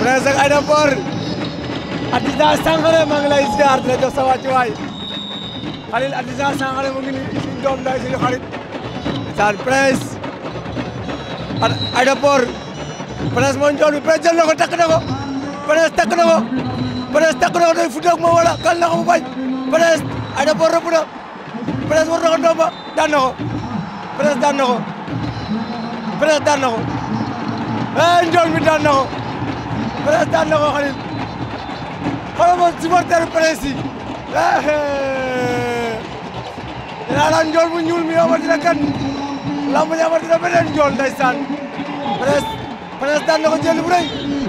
Prince ak Aida Mbour artisan maa ngi lay ziar di la jox sa wàccuwaay Khalil artisan Sangaré mu ngi nii suñu doom day saan Prince ak Aida Mbour Prince moo ñu doon bi Prince jël na ko takk na ko Prince takk na ko kal na mu bañ Prince Aida Mbour rëbb na Prince war na ko doom ba daan na ko eh, mi daan presse daan na ko xalil xoolal ma supporter presse yi dinaa daan njool bu ñuul mi amatina kan lamb ji amatina beneen njool ndeysaan presse presse daan na ko jël bu